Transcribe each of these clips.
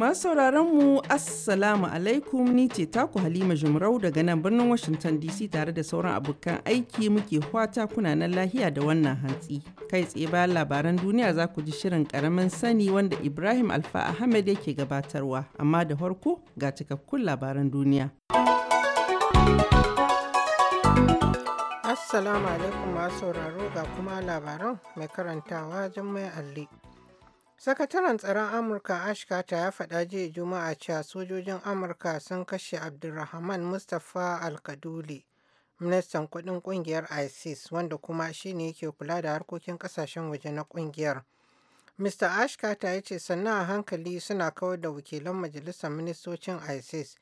Masu sauraron mu Assalamu alaikum ni ce taku Halima Jumrau daga nan birnin Washington DC tare da sauran abokan aiki muke fata kuna nan lahiya da wannan hantsi. Kai tsaye bayan labaran duniya za ku ji shirin karamin sani wanda Ibrahim Alfa Ahmed yake gabatarwa amma da harko ga cikakkun labaran duniya. Assalamu alaikum masu sauraro ga kuma labaran mai karantawa Jummai Alli. Sakataren tsaron Amurka Ash Carter ya faɗa jiya Juma'a cewa sojojin Amurka sun kashe Abdulrahman Mustapha Al-Kaduli, ministan kuɗin ƙungiyar ISIS wanda kuma shine yake kula da harkokin ƙasashen waje na ƙungiyar. Mr. Ash Carter ya ce sannan a hankali suna kawar da wakilan majalisar ministocin ISIS.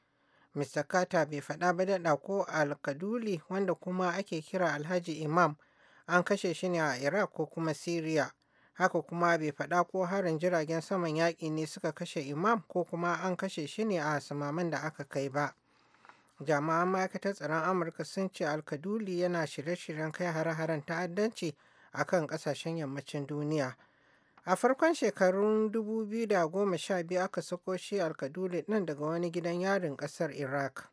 Mr. Kata bai faɗa ba daɗa ko Al-Kaduli wanda kuma ake kira Alhaji Imam an kashe shi ne a Iraq ko kuma Syria. Haka kuma bai faɗa ko harin jiragen saman yaƙi ne suka kashe Imam ko kuma an kashe shi ne a samaman da aka kai ba. jama'an ma'aikatar tsaron Amurka sun ce Alkaduli yana shirye-shiryen kai har haren ta'addanci a kan ƙasashen yammacin duniya. A farkon shekarun 2012 aka sako shi Alkaduli ɗin daga wani gidan yarin ƙasar Iraq.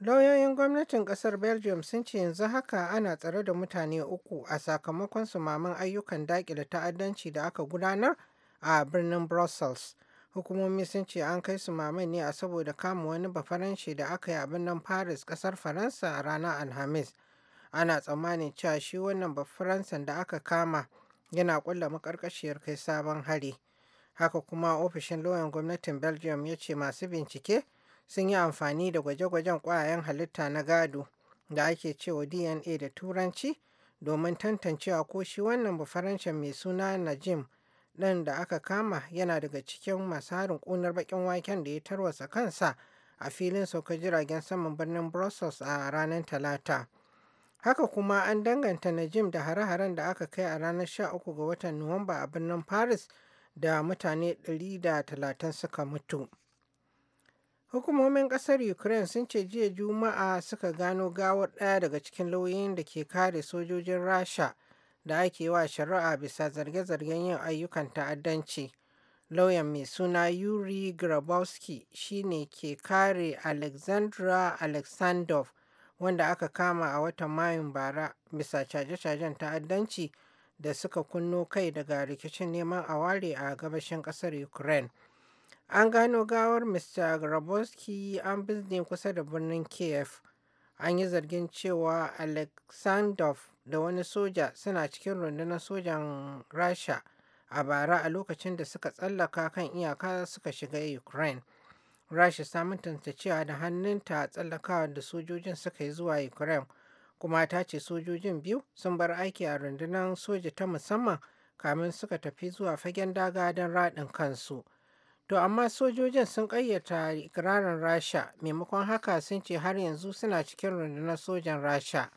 Lauyoyin gwamnatin kasar Belgium sun ce yanzu haka ana tsare da mutane uku a sakamakon sumaman ayyukan dakile ta'addanci da aka gudanar a birnin Brussels. Hukumomi sun ce an kai sumaman ne a saboda kama wani bafaranshi da aka yi a birnin Paris kasar Faransa a ranar Alhamis. Ana tsammanin cewa shi wannan bafaransan da aka kama yana ƙulla maƙarƙashiyar kai sabon hari. Haka kuma ofishin lauyan gwamnatin Belgium ya ce masu bincike sun yi amfani da gwaje-gwajen ƙwayayen halitta na gado da ake cewa dna da turanci domin tantancewa ko shi wannan bafarancin mai suna najim ɗin da aka kama yana daga cikin masu harin ƙunar baƙin waken da ya tarwatsa kansa a filin saukar jiragen saman birnin brussels a ranar talata haka kuma an danganta najim da hare-haren da aka kai a ranar 13 ga watan nuwamba a birnin paris da mutane 130 suka mutu. Hukumomin ƙasar Ukraine sun ce jiya Juma'a suka gano gawar ɗaya daga cikin lauyoyin da ke kare sojojin Rasha da ake wa shari'a bisa zarge-zargen yin ayyukan ta'addanci. Lauyan mai suna Yuri Grabowski ne ke kare Alexandra Alexandrov wanda aka kama a watan Mayun bara bisa caje-cajen ta'addanci da suka kunno kai daga rikicin neman a ware a gabashin ƙasar Ukraine. An gano gawar Mr. Grabowski an bizne kusa da birnin Kiev. An yi zargin cewa Alexandrov da wani soja suna cikin rundunar sojan Rasha a bara a lokacin da suka tsallaka kan iyaka suka shiga Ukraine. Rasha ta mutunta cewa da hannunta a tsallakawa da sojojin suka yi zuwa Ukraine kuma ta ce sojojin biyu sun bar aiki a rundunar soja ta musamman kamin suka tafi zuwa fagen daga don raɗin kansu. To amma sojojin sun ƙayyata ikirarin Rasha maimakon haka sun ce har yanzu suna cikin rundunar sojan Rasha.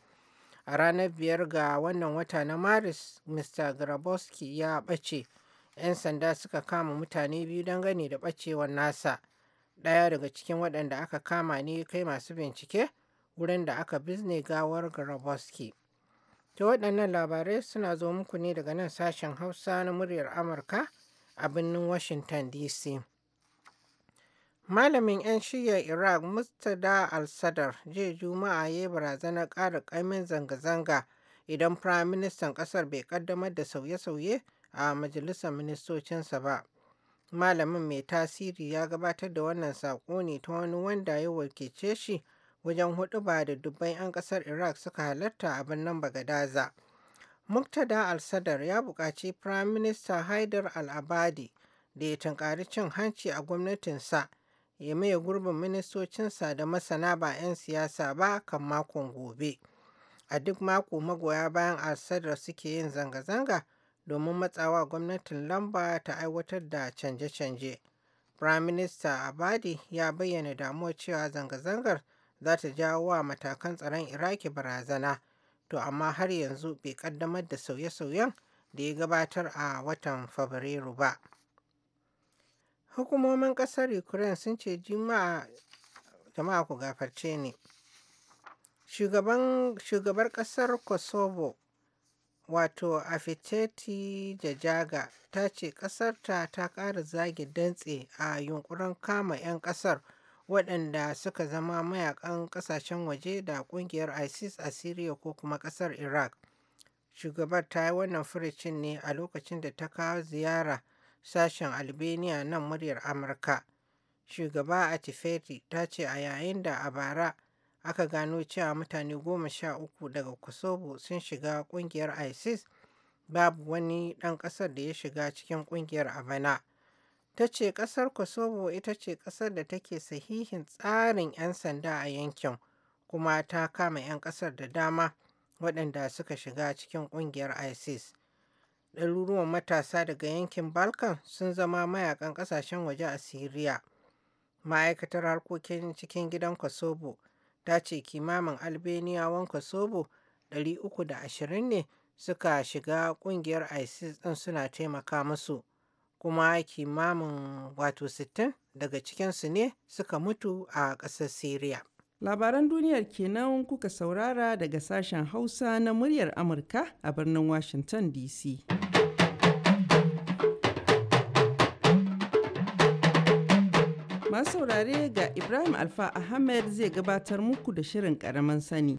A ranar biyar ga wannan wata na Maris, Mr. Grabowski ya ɓace. 'Yan sanda suka kama mutane biyu dangane da ɓacewar nasa. Ɗaya daga cikin waɗanda aka kama ne kai masu bincike wurin da aka bizne gawar Grabowski. To waɗannan labarai suna zo muku ne daga nan sashen Hausa na muryar Amurka. a birnin Washington DC. Malamin 'yan shirya Iraq mustada Al-Sadar jiya Juma'a ya barazanar ƙara ƙaimin zanga-zanga idan Firaministan ƙasar bai ƙaddamar da sauye-sauye a majalisar ministocinsa ba. Malamin mai tasiri ya gabatar da wannan saƙo ne ta wani wanda ya wakilce shi wajen huɗuba da dubban 'yan ƙasar Iraq suka halarta a birnin Bagadaza. Muktada al-Sadar ya buƙaci Firayim Minista Haidar al-Abadi da ya tunkari cin hanci a gwamnatinsa ya maye gurbin ministocinsa da masana ba 'yan siyasa ba kan makon gobe. A duk mako magoya bayan al-Sadar suke yin zanga-zanga domin matsawa gwamnatin lamba ta aiwatar da canje-canje. Firayim Minista Abadi ya bayyana damuwa cewa zanga-zangar za ta jawo wa matakan tsaron Iraki barazana. to amma har yanzu bai kaddamar da sauye-sauyen da ya gabatar a watan Fabrairu ba. Hukumomin ƙasar Ukraine sun ce jima'a jama'a ku gafarce ne. Shugabar ƙasar Kosovo wato Afeteti Jajaga ta ce ƙasarta ta ƙara zage dantse a yunkurin kama 'yan ƙasar waɗanda suka zama mayakan ƙasashen waje da ƙungiyar isis a syria ko kuma ƙasar iraq shugabar ta yi wannan furicin ne a lokacin da ta kawo ziyara sashen albania nan muryar amurka shugaba a tifeti ta ce a yayin da a bara aka gano cewa mutane goma sha uku daga kosovo sun shiga ƙungiyar isis babu wani ɗan ƙasar da ya shiga cikin ƙungiyar a bana ta ce ƙasar kosovo ita ce ƙasar da take sahihin tsarin 'yan sanda a yankin kuma ta kama 'yan ƙasar da dama waɗanda suka shiga cikin ƙungiyar isis ɗaruruwan matasa daga yankin balkan sun zama mayakan ƙasashen waje a siriya ma'aikatar harkokin cikin gidan kosovo ta ce kimamin albaniyawan kosovo 320 ne suka shiga ƙungiyar isis ɗin suna taimaka musu kuma kimamin wato 60 daga cikinsu ne suka mutu a ƙasar Syria. Labaran duniyar kenan kuka saurara daga sashen Hausa na muryar Amurka a birnin Washington DC. Masu saurare ga Ibrahim Alfa Ahmed zai gabatar muku da shirin ƙaramin sani.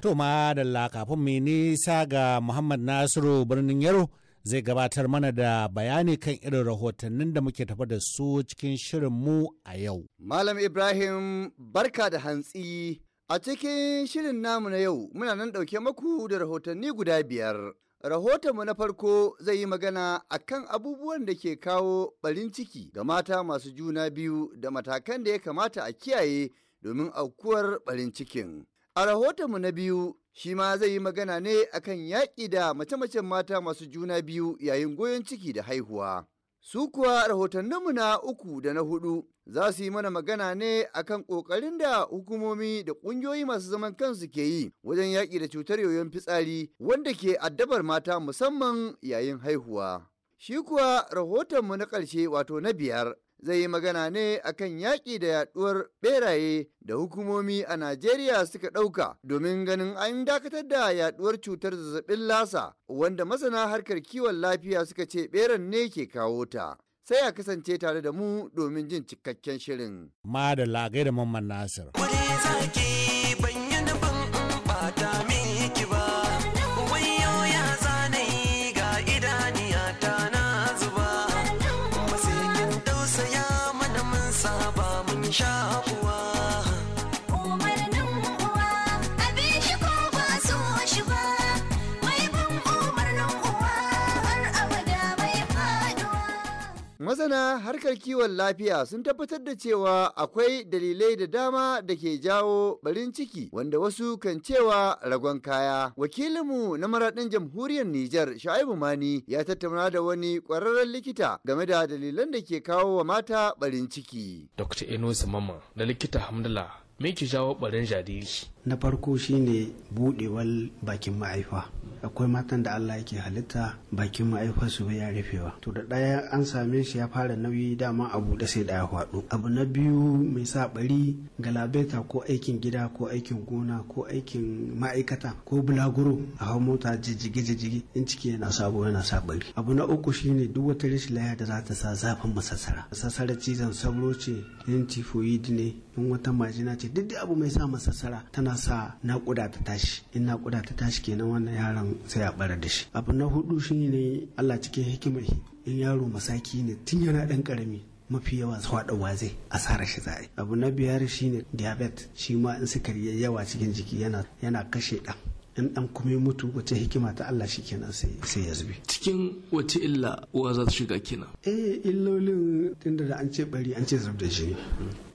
To ma da kafin mai nisa ga Muhammad Nasiru birnin Yaro zai gabatar mana da bayani kan irin rahotannin da muke tafa da su cikin shirin mu a yau. Malam Ibrahim barka da hantsi a cikin shirin namu na yau muna nan ɗauke maku da rahotanni guda biyar. Rahotonmu na farko zai yi magana a kan abubuwan da ke kawo ɓarin ciki ga mata masu juna biyu da matakan da ya kamata a kiyaye domin aukuwar ɓarin cikin. A rahotonmu na biyu shi ma zai yi magana ne akan yaƙi da mace-macen mata masu juna biyu yayin goyon ciki da haihuwa. Su kuwa rahotanninmu na uku da na hudu za su yi mana magana ne akan ƙoƙarin da hukumomi da ƙungiyoyi masu zaman kansu ke yi wajen yaƙi da cutar yoyon fitsari wanda ke addabar mata musamman yayin haihuwa. Shi kuwa rahotonmu na ƙarshe wato na biyar zai yi magana ne akan yaƙi da yaɗuwar beraye da hukumomi a Najeriya suka ɗauka domin ganin an dakatar da yaɗuwar cutar zazzabin lasa wanda masana harkar kiwon lafiya suka ce beran ne ke kawo ta. Sai a kasance tare da mu domin jin cikakken shirin. Ma da lagai da Mamman Nasir. Masana harkar kiwon lafiya sun tabbatar da cewa akwai dalilai da dama da ke jawo barin ciki wanda wasu kan cewa ragon kaya. Wakilinmu na maraɗin jamhuriyar Nijar Sha'ibu Mani ya tattauna da wani ƙwararren likita game da dalilan da ke kawo wa mata barin ciki. Dr. Enos Mama da likita Hamdala me ke jawo barin jariri? na farko shine budewar bakin ma'aifa akwai matan da Allah yake halitta bakin ma'aifar su ya rufewa to da ɗaya an same shi ya fara nauyi dama a bude sai ɗaya faɗo abu na biyu mai sa ɓari galabeta ko aikin gida ko aikin gona ko aikin ma'aikata ko bulaguro a hau mota jijjige jijjige in ciki yana sabo yana sa bari. abu na uku shine duk wata rashin laya da za ta sa zafin masasara. masasara cizon sauro ce yin tifoid ne in wata majina ce duk abu mai sa masasara tana sa naƙuda ta tashi in naƙuda ta tashi kenan wannan yaron sai a bara da shi abu na hudu shine Allah cikin hikimar in yaro masaki ne tun yana ɗan karami mafi yawa faɗawa zai asara shi za'a abu na biyar shine diabetes shi ma in sukari ya yawa cikin jiki yana kashe ɗan in ɗan kuma ya mutu wace hikima ta Allah shi kenan sai ya zube. Cikin wace illa uwa za ta shiga kenan? Eh illolin tunda da an ce bari an ce zub da jini.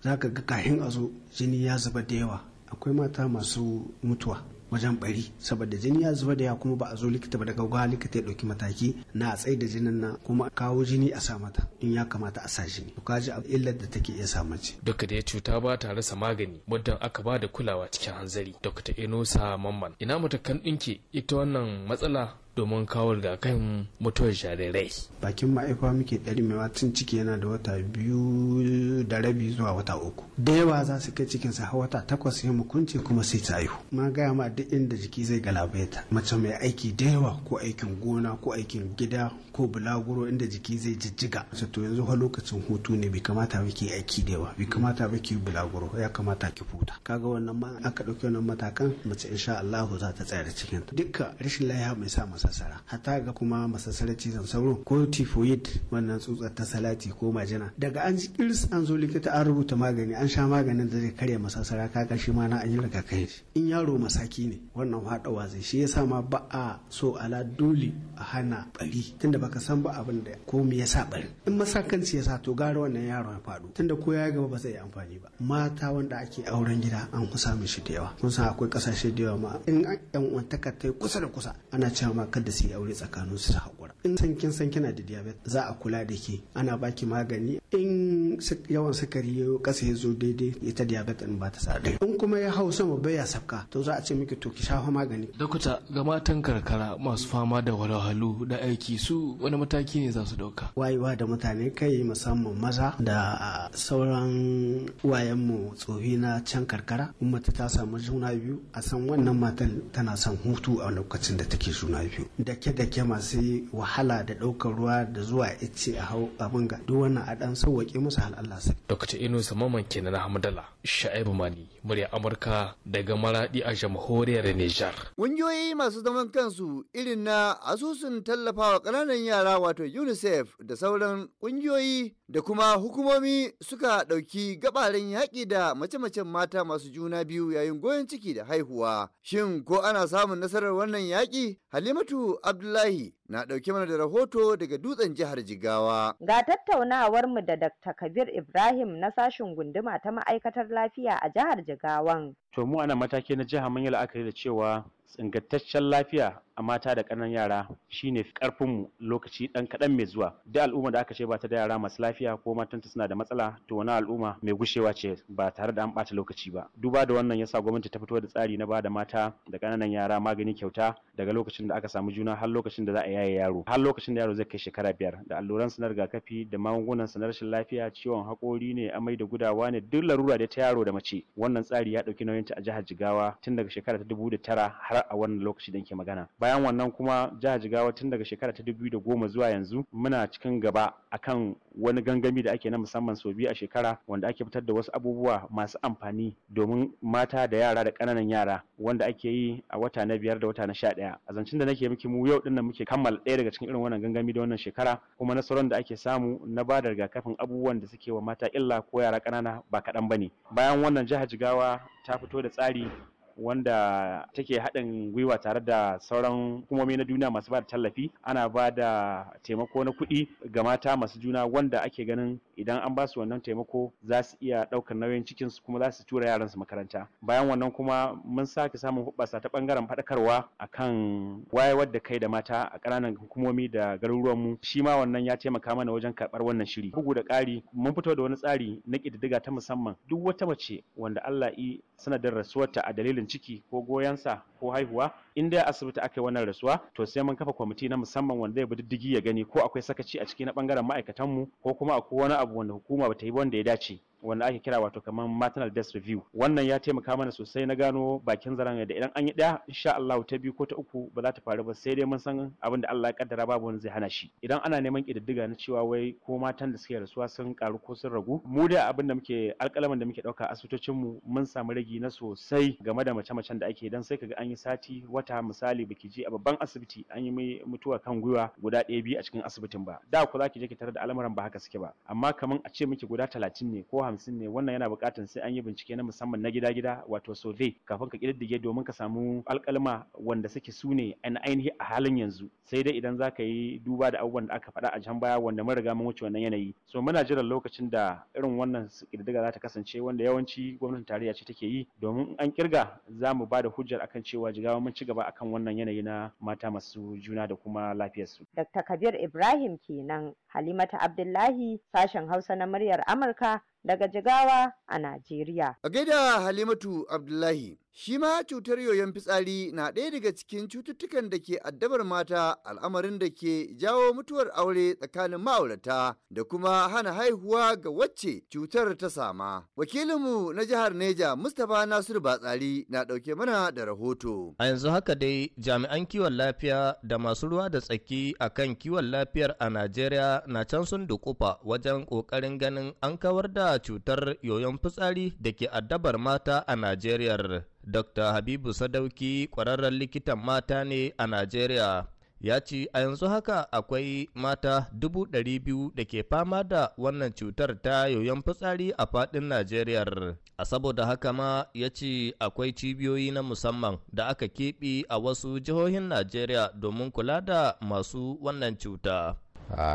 Za ga kahin a jini ya zuba da yawa akwai mata masu mutuwa wajen bari saboda jini ya zuba da ya kuma ba a zo likita ba daga gwa likita ya dauki mataki na a tsaye da jinin na kuma kawo jini a sa mata in ya kamata a sa jini ka kaji a illar da take iya sa ci duka da ya cuta ba ta rasa magani muddin aka ba da kulawa cikin hanzari dr enosa mamman ina matakan dinki ita wannan matsala domin kawo kan mutuwar jarirai. Bakin ma'aikawa muke ɗari mai matan ciki yana da wata biyu da rabi zuwa wata uku. Da yawa za su kai cikinsa sa wata takwas ya mukunci kuma sai ta haihu. Ma gaya ma duk inda jiki zai galabaita. Mace mai aiki da yawa ko aikin gona ko aikin gida ko bulaguro inda jiki zai jijjiga su to yanzu fa lokacin hutu ne bai kamata ba ke aiki da yawa bai kamata ba ke bulaguro ya kamata ki huta kaga wannan ma aka dauki wannan matakan mace insha Allah za ta tsaya da cikin ta dukkan rashin lafiya mai sa masasara. hatta ga kuma masasarar cizon sauro ko typhoid wannan tsutsar ta salati ko majina daga an ji irs an zo likita an rubuta magani an sha maganin da zai karya masasara, kaga shi ma na an yi kai shi in yaro masaki ne wannan haɗawa zai shi yasa ma ba a so ala dole a hana bari tunda baka san ba abin da ko me yasa bari in masakanci yasa to gara wannan yaro ya faɗo tunda ko ya gaba ba zai yi amfani ba mata wanda ake auren gida an kusa mishi da yawa kun san akwai kasashe da yawa ma in yan uwantaka ta kusa da kusa ana cewa ma kada su yi aure tsakanin su ta hakura in san kin san kina da diabetes za a kula da ke ana baki magani in yawan sukari ya kasa ya zo daidai ita diabetes ba ta sa in kuma ya hau sama bai ya sabka to za a ce miki to ki shafa magani. Dokta, ga matan karkara masu fama da walwalu da aiki su wani mataki ne za su dauka wayewa da mutane kai musamman maza da sauran wayanmu tsohi na can karkara in ta samu juna biyu a san wannan matan tana son hutu a lokacin da take juna biyu dake dake masu wahala da daukar ruwa da zuwa ice a hau abin ga duk wannan a dan sauwake musu Allah sai dr inu maman kenan hamdala sha'ibu mani murya amurka daga maradi a jamhuriyar nijar ƙungiyoyi masu zaman kansu irin na asusun tallafawa ƙananan ƙananan yara wato UNICEF da sauran ƙungiyoyi da kuma hukumomi suka ɗauki gabarin yaƙi da mace-macen mata masu juna biyu yayin goyon ciki da haihuwa. Shin ko ana samun nasarar wannan yaƙi? Halimatu Abdullahi na ɗauki mana da rahoto daga dutsen jihar Jigawa. Ga tattaunawar mu da Dr. Kabir Ibrahim na sashin gunduma ta ma'aikatar lafiya a jihar Jigawan. To mu ana mataki na jiha mun yi la'akari da cewa tsingantaccen lafiya a mata da ƙananan yara shine ƙarfinmu lokaci ɗan kaɗan mai zuwa da al'umma da aka ce ba ta da yara masu lafiya ko matanta suna da matsala to wani al'umma mai gushewa ce ba tare da an ɓata lokaci ba duba da wannan yasa gwamnati ta fito da tsari na ba mata da ƙananan yara magani kyauta daga lokacin da aka samu juna har lokacin da za a yaye yaro har lokacin da yaro zai kai shekara biyar da alluran su na rigakafi da magungunan sanar na rashin lafiya ciwon haƙori ne amai da gudawa ne duk larura da ta yaro da mace wannan tsari ya ɗauki nauyinta a jihar jigawa tun daga shekara ta dubu da tara har a wannan lokaci da ke magana bayan wannan kuma jihar jigawa tun daga shekara ta dubu da goma zuwa yanzu muna cikin gaba akan wani gangami da ake na musamman sau biyu a shekara wanda ake fitar da wasu abubuwa masu amfani domin mata da yara da ƙananan yara wanda ake yi a wata na biyar da wata na sha ɗaya a zancen da nake miki mu yau ɗin nan muke kammala ɗaya daga cikin irin wannan gangami da wannan shekara kuma nasarar da ake samu na ba da rigakafin abubuwan da suke wa mata illa ko yara ƙanana ba kaɗan ba ne bayan wannan jihar jigawa ta fito da tsari wanda take haɗin gwiwa tare da sauran hukumomi na duniya masu ba da tallafi ana ba da taimako na kuɗi ga mata masu juna wanda ake ganin idan an ba su wannan taimako za su iya ɗaukar nauyin cikin su kuma za su tura yaran su makaranta bayan wannan kuma mun sake samun hubbasa ta bangaren faɗakarwa akan wayewar da kai da mata a ƙananan hukumomi da garuruwan mu shi ma wannan ya taimaka mana wajen karɓar wannan shiri bugu da ƙari mun fito da wani tsari na ƙididdiga ta musamman duk wata mace wanda Allah i sanadin rasuwarta a dalilin ɗaukar ciki ko goyonsa ko haihuwa in dai asibiti aka yi wannan rasuwa to sai mun kafa kwamiti na musamman wanda ya bi diddigi ya gani ko akwai sakaci a ciki na bangaren ma'aikatanmu ko kuma akwai wani abu wanda hukuma bata yi wanda ya dace wanda ake kira wato kamar maternal death review wannan ya taimaka mana sosai na gano bakin zaren da idan an yi ɗaya, insha Allah ta biyu ko ta uku ba za ta faru ba sai dai mun san abin da Allah ya kaddara babu wani zai hana shi idan ana neman kididdiga na cewa wai ko matan da suke rasuwa sun karu ko sun ragu mu da abin da muke alƙalaman da muke dauka asibitocin mu mun samu ragi na sosai game da mace-macen da ake dan sai kaga an yi sati wata misali baki je a babban asibiti an yi mai mutuwa kan gwiwa guda ɗaya biyu a cikin asibitin ba da ku za ki je ki tarar da al'amuran ba haka suke ba amma kaman a ce miki guda talatin ne ko hamsin ne wannan yana buƙatar sai an yi bincike na musamman na gida-gida wato survey kafin ka ƙididdige domin ka samu alƙalma wanda suke su ne ainihi a halin yanzu sai dai idan za ka yi duba da abubuwan da aka faɗa a can baya wanda mun riga mun wuce wannan yanayi so muna jiran lokacin da irin wannan ƙididdiga za ta kasance wanda yawanci gwamnatin tarayya ce take yi domin an kirga za mu ba da hujjar akan cewa jigawa mun ci gaba akan wannan yanayi na mata masu juna da kuma lafiyarsu. Dr. Kabir Ibrahim kenan Halimata Abdullahi sashen Hausa na muryar Amurka daga Jigawa a Najeriya. A gaida Halimatu Abdullahi. Shi ma cutar yoyon fitsari na ɗaya daga cikin cututtukan da ke addabar mata al'amarin da ke jawo mutuwar aure tsakanin ma'aurata da kuma hana haihuwa ga wacce cutar ta sama. Wakilinmu na jihar Neja Mustapha Nasiru Batsari na ɗauke mana da rahoto. A yanzu haka dai jami'an kiwon lafiya da masu ruwa da tsaki a kan kiwon lafiyar a Najeriya na can sun dukufa wajen ƙoƙarin ganin an kawar da cutar yoyon fitsari da ke addabar mata a Najeriya. Dr. Habibu Sadauki ƙwararren likitan mata ne a Najeriya. Ya ce a yanzu haka akwai mata dubu ɗari biyu da ke fama da wannan cutar ta yoyon fitsari a faɗin Najeriya. A saboda haka ma ya ce akwai cibiyoyi na musamman da aka keɓe a wasu jihohin Najeriya domin kula da masu wannan cuta.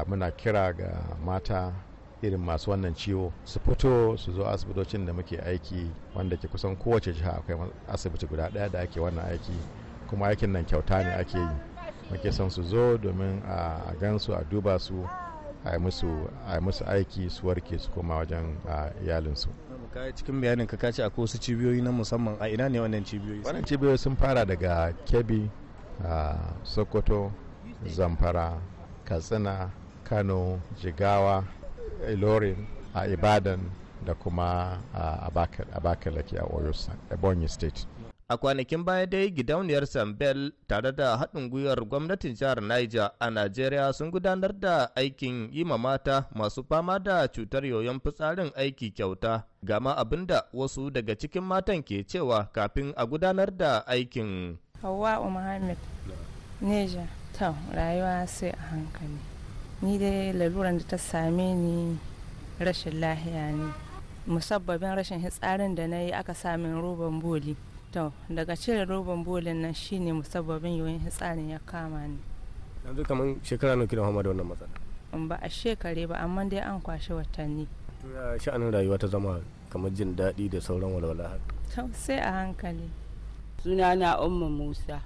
muna kira ga mata irin masu wannan ciwo su fito su zo asibitocin da muke aiki wanda ke kusan kowace jiha akwai asibiti guda ɗaya da ake wannan aiki kuma aikin nan kyauta ne ake yi muke son su zo domin a gansu a duba su a yi musu aiki su warke su koma wajen iyalinsu cikin bayanin ka kace akwai wasu cibiyoyi na musamman a ina ne wannan cibiyoyi wannan cibiyoyi sun fara daga kebbi sokoto zamfara katsina kano jigawa ilorin eh, a ibadan da kuma a abakalaki a oyo ebonyi state a kwanakin baya dai gidauniyar sambel tare da haɗin gwiwar gwamnatin jihar niger a najeriya sun gudanar da aikin yi ma mata masu fama da cutar yoyon fitsarin aiki kyauta gama abin da wasu daga cikin matan ke cewa kafin a gudanar da aikin Hawa'u muhammad Niger ta rayuwa sai a hankali ni dai laluran da ta same ni rashin lahiya ne musabbabin rashin hitsarin da na yi aka samun roban boli to daga cire roban bolin nan shine musabbabin yoyin hitsarin ya kama ni yanzu kamar shekara nuki da da wannan matsala ba a shekare ba amma dai an kwashe watanni to ya sha'anin rayuwa ta zama kamar jin daɗi da sauran walwala to sai a hankali Suna na umma musa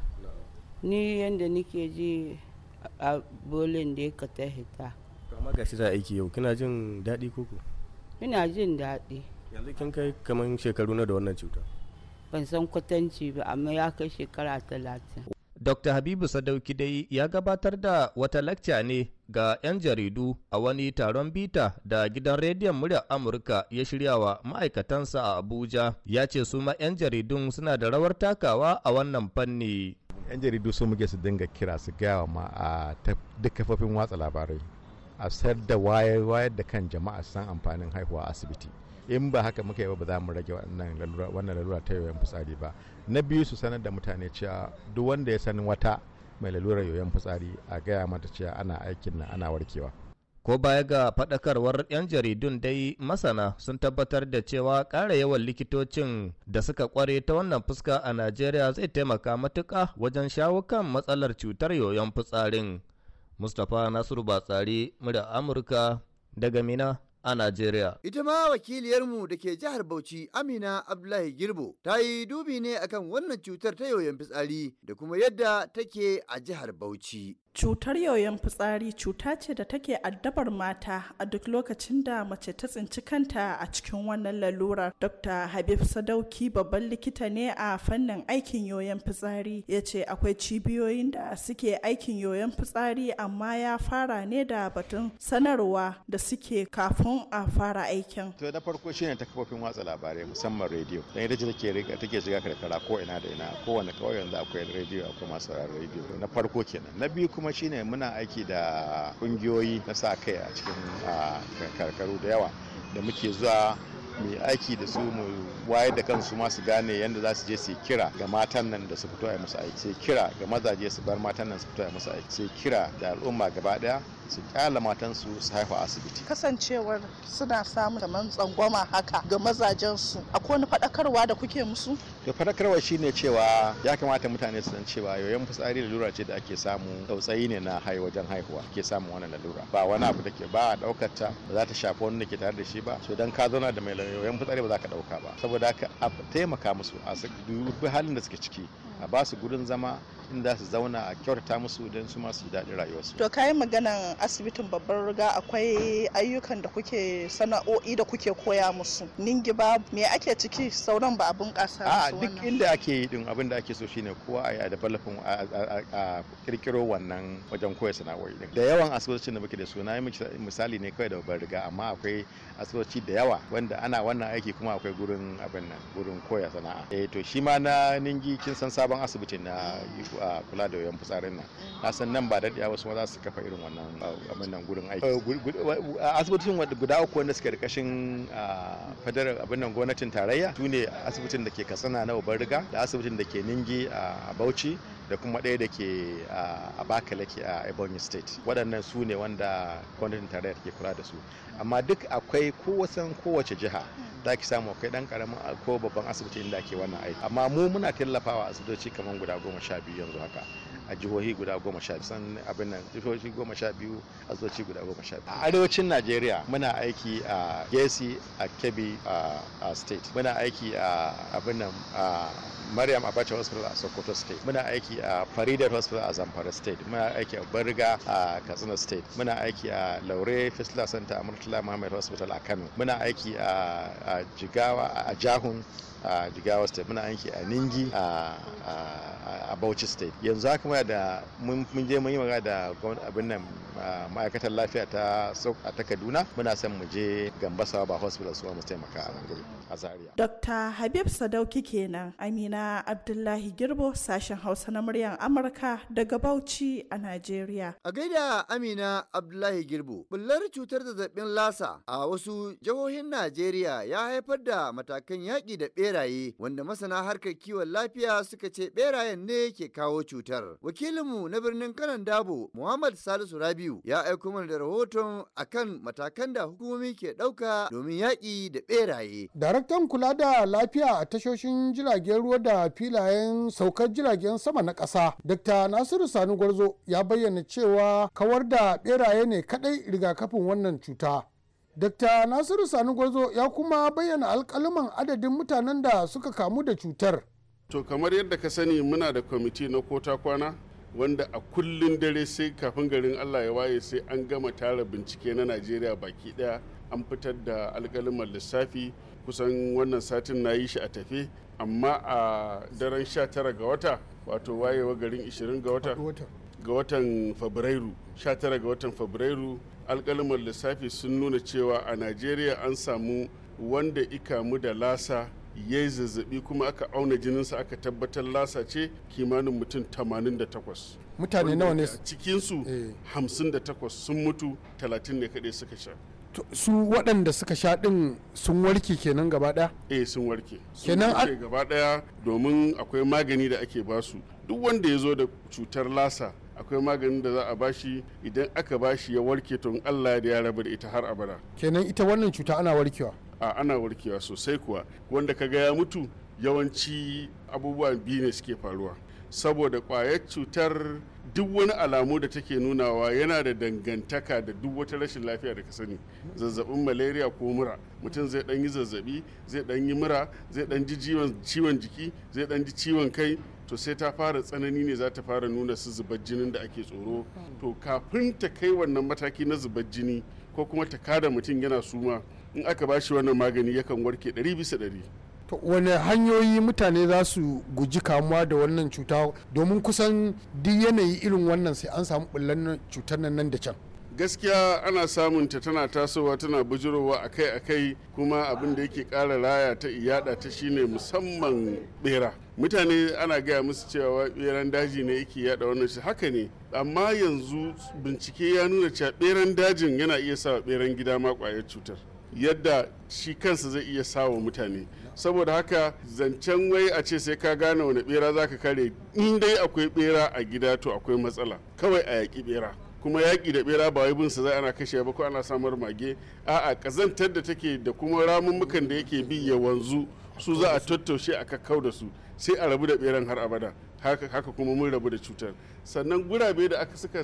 ni yanda nike ji a bolin da ka ta hita amma ga shi za aiki yau kina jin daɗi koko ina jin daɗi yanzu kin kai kamar shekaru na da wannan cuta ban san kwatanci ba amma ya kai shekara talatin Dr. Habibu Sadauki dai ya gabatar da wata lacca ne ga 'yan jaridu a wani taron bita da gidan rediyon muryar Amurka ya shirya wa ma'aikatansa a Abuja. Ya ce su ma 'yan jaridun suna da rawar takawa a wannan fanni. yan jaridu su muke su dinga kira su gaya ma a duk kafofin watsa labarai a sayar da wayar da kan jama'a san amfanin haihuwa asibiti in ba haka muka yi ba za mu rage wannan lalura ta yoyon fitsari ba na biyu su sanar da mutane cewa duk wanda ya san wata mai lalurar yoyon fitsari a gaya mata cewa ana aikin nan ana warkewa Ko baya ga faɗakarwar 'yan jaridun dai masana sun tabbatar da cewa ƙara yawan likitocin da suka ƙware ta wannan fuska a Najeriya zai taimaka matuƙa wajen shawo kan matsalar cutar yoyon fitsarin. Mustapha Nasiru Batsari, murya Amurka daga Mina. a Najeriya. Ita ma wakiliyarmu da ke jihar Bauchi Amina Abdullahi Girbo ta yi dubi ne akan wannan cutar ta yoyon fitsari da kuma yadda take a jihar Bauchi. Cutar yoyon fitsari cuta ce da take addabar mata a duk lokacin da mace ta tsinci kanta a cikin wannan lalurar. Dr. Habib Sadauki babban likita ne a fannin aikin yoyon fitsari ya ce akwai cibiyoyin da suke aikin yoyon fitsari amma ya fara ne da batun sanarwa da suke kafin a fara aikin. To na farko shine ta kafofin watsa labarai musamman rediyo. Dan ita take take take shiga karkara ko ina da ina kowane kawai yanzu akwai rediyo akwai masu rediyo na farko kenan. Na biyu kuma shine muna aiki da kungiyoyi na sa kai a cikin karkaru da yawa da muke zuwa mu aiki da su mu wayar da kansu masu gane yadda za su je su kira ga matan nan da su fito a musu aiki sai kira ga mazaje su bar matan nan su fito a musu aiki sai kira da al'umma gaba daya su kyala matan su su haifa asibiti kasancewar suna samun kamar tsangwama haka ga mazajen su akwai wani faɗakarwa da kuke musu to shi ne cewa ya kamata mutane su san cewa yoyon fitsari lalura ce da ake samu tsautsayi ne na hai wajen haihuwa ke samun wannan lalura ba wani abu da ke ba a daukar ta ba za ta shafi wani da ke tare da shi ba so dan ka zauna da mai yoyon fitsari ba za ka ɗauka ba saboda haka a taimaka musu a su dubi halin da suke ciki a ba su gudun zama inda su zauna a kyautata musu don su masu daɗin rayuwarsu. To kayan maganan asibitin babbar riga akwai ayyukan da kuke sana'o'i da kuke koya musu. Ningi ba me ake ciki sauran ba abun ƙasa. A duk inda ake yi din abin da ake so shine kowa a yi a developing a kirkiro wannan wajen koya sana'o'i din. Da yawan asibitocin da muke da su na yi misali ne kawai da babbar riga amma akwai asibitoci da yawa wanda ana wannan aiki kuma akwai gurin abin nan gurin koya sana'a. Eh to shi ma na ningi kin san sabon asibitin na kula da yawan fitsarin nan na san nan ba daɗi su ma za su kafa irin wannan abin nan gurin aiki eh, asibitin guda uku wanda suke ƙarƙashin federal abin nan gwamnatin tarayya su ne asibitin da ke katsina na babban riga da asibitin da ke ningi a bauchi da kuma ɗaya da ke a bakalake a ebonyi state waɗannan su ne wanda gwamnatin tarayya ke kula da su amma duk akwai kowasan kowace jiha za ki samu akwai dan karamin ko babban asibiti inda ke wannan aiki amma mu muna tallafawa asibitoci kamar guda goma sha biyu yanzu haka a jihohi guda goma sha biyu san abin nan jihohi goma sha biyu zoci guda goma sha biyu a arewacin najeriya muna aiki a gesi a kebbi a state muna aiki a abin nan a Maryam Abacha Hospital a Sokoto State. Muna aiki a Farida Hospital a Zamfara State. Muna aiki a Barga a Katsina State. Muna aiki a Laure Fisla Center a Murtala Muhammad Hospital a Kano. Muna aiki a Jigawa a Jahun a Jigawa State. Muna aiki a Ningi a a Bauchi state yanzu haka muna da mun je mun yi magana da abin nan ma'aikatar lafiya ta ta Kaduna muna son mu je Gambasawa ba hospital su mu taimaka a nan gari a Zaria Dr. Habib Sadauki kenan Amina Abdullahi Girbo sashen Hausa na muryar Amurka daga Bauchi a Najeriya A gaida Amina Abdullahi Girbo bullar cutar zazzabin lasa a wasu jihohin Najeriya ya haifar da matakan yaƙi da beraye wanda masana harkar kiwon lafiya suka ce beraye hayan ne ke kawo cutar. Wakilinmu na birnin kanan dabo Muhammad Salisu Rabiu ya aiko mana da rahoton akan matakan da hukumomi ke ɗauka domin yaƙi da ɓeraye. Daraktan kula da lafiya a tashoshin jiragen ruwa da filayen saukar jiragen sama na ƙasa, Dr. Nasiru Sani Gwarzo ya bayyana cewa kawar da ɓeraye ne kaɗai rigakafin wannan cuta. Dr. Nasiru Sani Gwarzo ya kuma bayyana alkaliman adadin mutanen da suka kamu da cutar. to kamar yadda ka sani muna da kwamiti na kota kwana wanda a kullun dare sai kafin garin allah ya waye sai an gama tara bincike na najeriya baki daya an fitar da alkalimar lissafi kusan wannan satin na yi shi a tafe amma a daren 19 ga wata wato wayewa garin 20 ga wata ga watan fabrairu 19 ga watan fabrairu alkalimar lissafi sun nuna cewa a najeriya an samu wanda ikamu da lasa ya yi zazzabi kuma aka auna jininsa aka tabbatar lasa ce kimanin mutum 88 mutane nawa ne cikinsu 58 eh. sun mutu 30 ne kaɗai suka sha su waɗanda suka sha ɗin sun warke kenan gaba ɗaya? eh sun warke kenan a gaba ɗaya domin akwai magani da ake basu duk wanda ya zo da cutar lasa akwai maganin da za a bashi idan aka bashi ya warke to in allah da ya rabu da ita har abada kenan ita wannan cuta ana warkewa a ana warkewa sosai kuwa wanda ka ya mutu yawanci abubuwa biyu ne suke faruwa saboda kwayar cutar duk wani alamu da take nunawa yana da dangantaka da duk wata rashin lafiya da ka sani zazzabin malaria ko mura mutum zai dan yi zazzabi zai dan yi mura zai dan ji ciwon jiki zai dan ji ciwon kai to sai ta fara tsanani ne za ta fara nuna su zubar jinin da ake tsoro to kafin ta kai wannan mataki na zubar jini ko kuma ta kada mutum yana suma in aka ba shi wannan magani yakan warke 100 bisa 100 wane hanyoyi mutane za su guji kamuwa da wannan cuta domin kusan duk yanayi irin wannan sai an samu bullan cutar nan nan da can gaskiya ana samun ta tana tasowa tana bujurowa akai-akai kuma abin da yake kara raya ta iyada ta shine musamman bera mutane ana gaya musu cewa beran daji ne yake yada wannan shi haka ne amma yanzu bincike ya nuna cewa beran dajin yana iya sa beran gida ma kwayar cutar yadda shi kansa zai iya wa mutane saboda haka zancen wai a ce sai ka gane wani bera za ka kare in dai akwai bera a gida to akwai matsala kawai a yaƙi bera kuma yaƙi da bera ba wai binsa zai ana kashe ba ko ana samar mage a'a kazantar da take da kuma ramummukan da yake bi ya wanzu su za a tattaushe a kakkau da su sai a rabu da beran har abada haka kuma mun rabu da cutar sannan gurabe da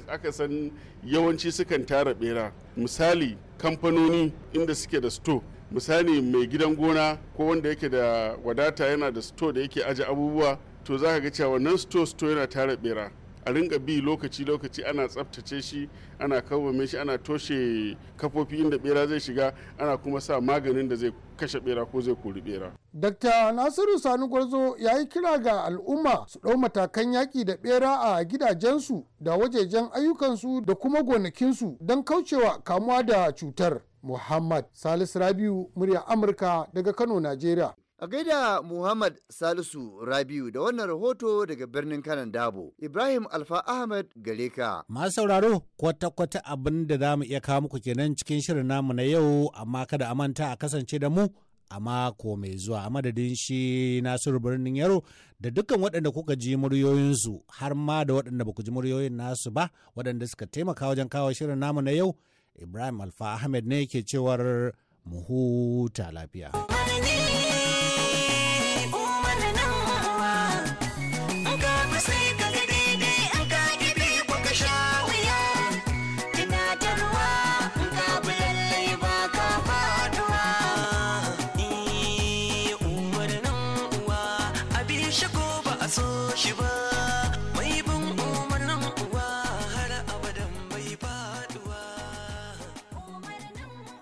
aka san yawanci sukan tara bera misali kamfanoni inda suke da sto misali mai gidan gona ko wanda yake da wadata yana da sto da yake ajiye abubuwa to za ka ga cewa wannan sto sto yana tara bera a ringa bi lokaci-lokaci ana tsabtace shi ana kawo shi ana toshe kafofi inda bera zai shiga ana kuma sa maganin da zai kashe bera ko zai kori bera. Dr. Nasiru Sani Gwarzo ya yi kira ga al'umma su ɗau matakan yaƙi da bera a gidajensu da wajejen ayyukansu da kuma gonakinsu don kaucewa kamuwa da cutar. Muhammad Salisu Rabiu murya Amurka daga Kano, Najeriya. A gaida Muhammad Salisu Rabiu da wannan rahoto daga birnin kanan dabo, Ibrahim Alfa Ahmad gare ka. Masu sauraro kwata-kwata abin da za mu iya kawo muku kenan cikin shirin namu na yau amma kada a manta a kasance da mu a mako mai zuwa a madadin shi nasiru birnin yaro da dukkan waɗanda kuka ji muryoyinsu har ma da waɗanda ba ku ji muryoyin nasu ba waɗanda suka taimaka wajen kawo shirin namu na yau Ibrahim Alfa Ahmed ne ke cewar mu huta lafiya.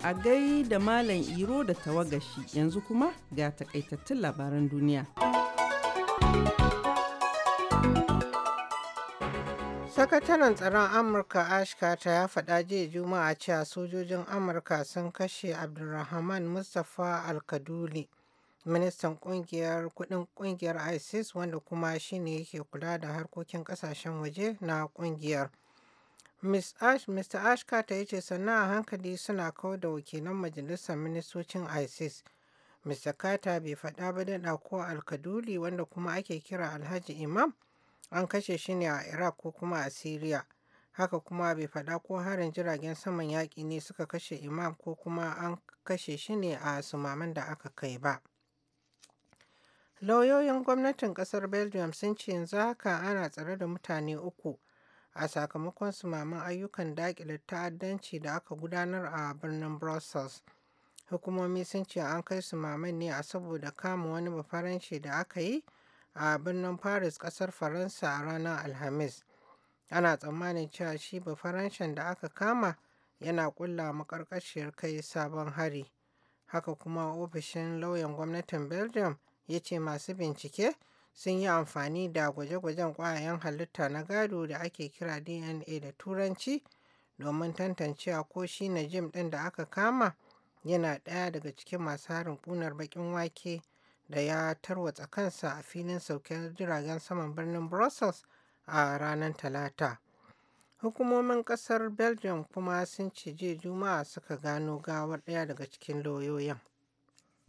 a gai da Malam Iro da tawagashi yanzu kuma ga takaitattun labaran duniya. Sakataren tsaron Amurka Ash ya faɗa jiya Juma'a cewa sojojin Amurka sun kashe Abdulrahman Mustapha Alkaduli, ministan kungiyar kudin kungiyar ISIS wanda kuma shine yake kula da harkokin kasashen waje na kungiyar. Mr. ta yi ce sannan a hankali suna kawar da wakilan majalisar ministocin ISIS. Mr. kata bai faɗa ba daɗa ko alkaduli wanda kuma ake kira Alhaji Imam an kashe shi ne a Iraq ko kuma a Syria? Haka kuma bai faɗa ko harin jiragen saman yaƙi ne suka kashe Imam ko kuma an kashe shi ne a sumaman da aka kai ba. Lauyoyin gwamnatin ƙasar Belgium sun ce yanzu haka ana tsare da mutane uku a sakamakon sumaman ayyukan dakile ta'addanci da aka gudanar a birnin Brussels. Hukumomi sun ce an kai sumaman ne a saboda kama wani bafaranshi da aka yi a birnin Paris ƙasar Faransa a ranar Alhamis. Ana tsammanin cewa shi bafaranshin da aka kama yana ƙulla maƙarƙashiyar kai sabon hari. Haka kuma ofishin lauyan gwamnatin Belgium ya ce masu bincike sun yi amfani da gwaje-gwajen kwayoyin halitta na gado da ake kira dna da turanci domin tantancewa ko shi jim ɗin da aka kama yana ɗaya daga cikin masu harin ƙunar baƙin wake da ya tarwatsa kansa a filin sauke jiragen saman birnin brussels a ranar talata hukumomin ƙasar belgium kuma sun ce jiya juma'a suka gano gawar ɗaya daga cikin lauyoyin